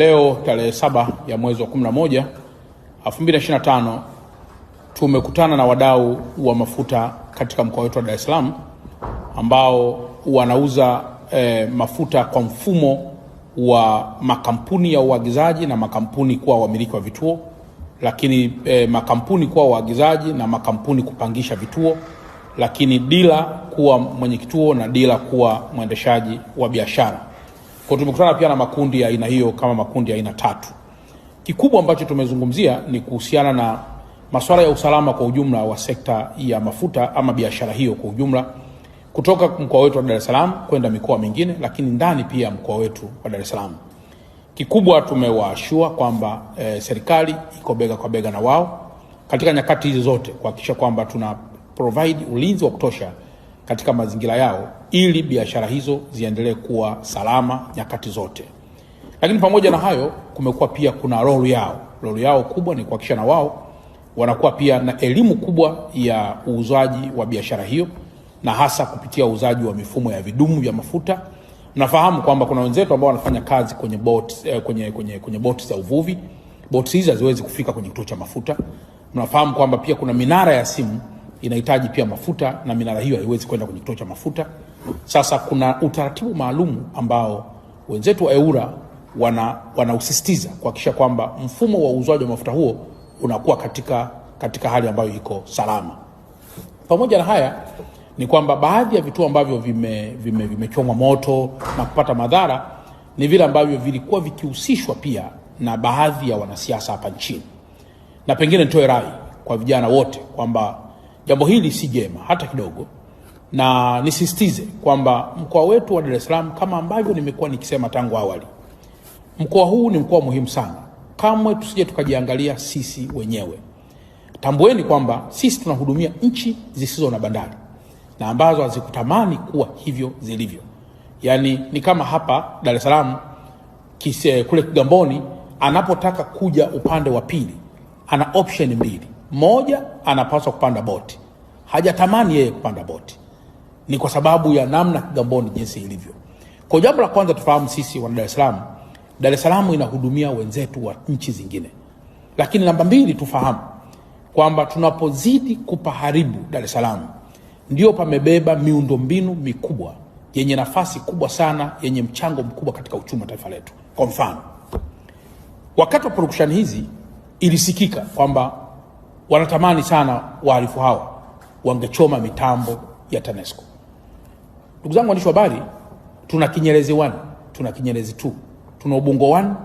Leo tarehe saba ya mwezi wa 11, tano tumekutana na wadau wa mafuta katika mkoa wetu wa Dar es Salaam ambao wanauza eh, mafuta kwa mfumo wa makampuni ya uagizaji na makampuni kuwa wamiliki wa vituo, lakini eh, makampuni kuwa waagizaji na makampuni kupangisha vituo, lakini dila kuwa mwenye kituo na dila kuwa mwendeshaji wa biashara. Kwa tumekutana pia na makundi ya aina hiyo kama makundi ya aina tatu. Kikubwa ambacho tumezungumzia ni kuhusiana na masuala ya usalama kwa ujumla wa sekta ya mafuta ama biashara hiyo kwa ujumla kutoka mkoa wetu wa Dar es Salaam kwenda mikoa mingine, lakini ndani pia mkoa wetu wa Dar es Salaam. Kikubwa tumewaashua kwamba e, serikali iko bega kwa bega na wao katika nyakati hizi zote kuhakikisha kwamba tuna provide ulinzi wa kutosha katika mazingira yao ili biashara hizo ziendelee kuwa salama nyakati zote. Lakini pamoja na hayo, kumekuwa pia kuna rolu yao, rolu yao kubwa ni kuhakikisha na wao wanakuwa pia na elimu kubwa ya uuzaji wa biashara hiyo, na hasa kupitia uuzaji wa mifumo ya vidumu vya mafuta. Mnafahamu kwamba kuna wenzetu ambao wanafanya kazi kwenye bot eh, kwenye, kwenye, kwenye boti za uvuvi. Boti hizi haziwezi kufika kwenye kituo cha mafuta. Mnafahamu kwamba pia kuna minara ya simu inahitaji pia mafuta na minara hiyo haiwezi kwenda kwenye kituo cha mafuta. Sasa kuna utaratibu maalum ambao wenzetu wa EWURA wanausisitiza kuhakikisha kwamba mfumo wa uuzwaji wa mafuta huo unakuwa katika, katika hali ambayo iko salama. Pamoja na haya ni kwamba baadhi ya vituo ambavyo vimechomwa vime, vime moto na kupata madhara ni vile ambavyo vilikuwa vikihusishwa pia na baadhi ya wanasiasa hapa nchini, na pengine nitoe rai kwa vijana wote kwamba Jambo hili si jema hata kidogo, na nisistize kwamba mkoa wetu wa Dar es Salaam, kama ambavyo nimekuwa nikisema tangu awali, mkoa huu ni mkoa muhimu sana. Kamwe tusije tukajiangalia sisi wenyewe. Tambueni kwamba sisi tunahudumia nchi zisizo na bandari na ambazo hazikutamani kuwa hivyo zilivyo. Yaani ni kama hapa Dar es Salaam kise kule Kigamboni, anapotaka kuja upande wa pili ana option mbili moja, anapaswa kupanda boti, hajatamani yeye kupanda boti, ni kwa sababu ya namna Kigamboni jinsi ilivyo. Kwa jambo la kwanza tufahamu sisi wana Dar es Salaam, Dar es Salaam inahudumia wenzetu wa nchi zingine, lakini namba mbili tufahamu kwamba tunapozidi kupaharibu Dar es Salaam ndio pamebeba miundombinu mikubwa yenye nafasi kubwa sana yenye mchango mkubwa katika uchumi wa taifa letu. Kwa mfano, wakati wa purukushani hizi ilisikika kwamba Wanatamani sana wahalifu hao wangechoma mitambo ya TANESCO. Ndugu zangu waandishi wa habari, tuna Kinyerezi 1 tuna Kinyerezi 2 tuna Ubungo 1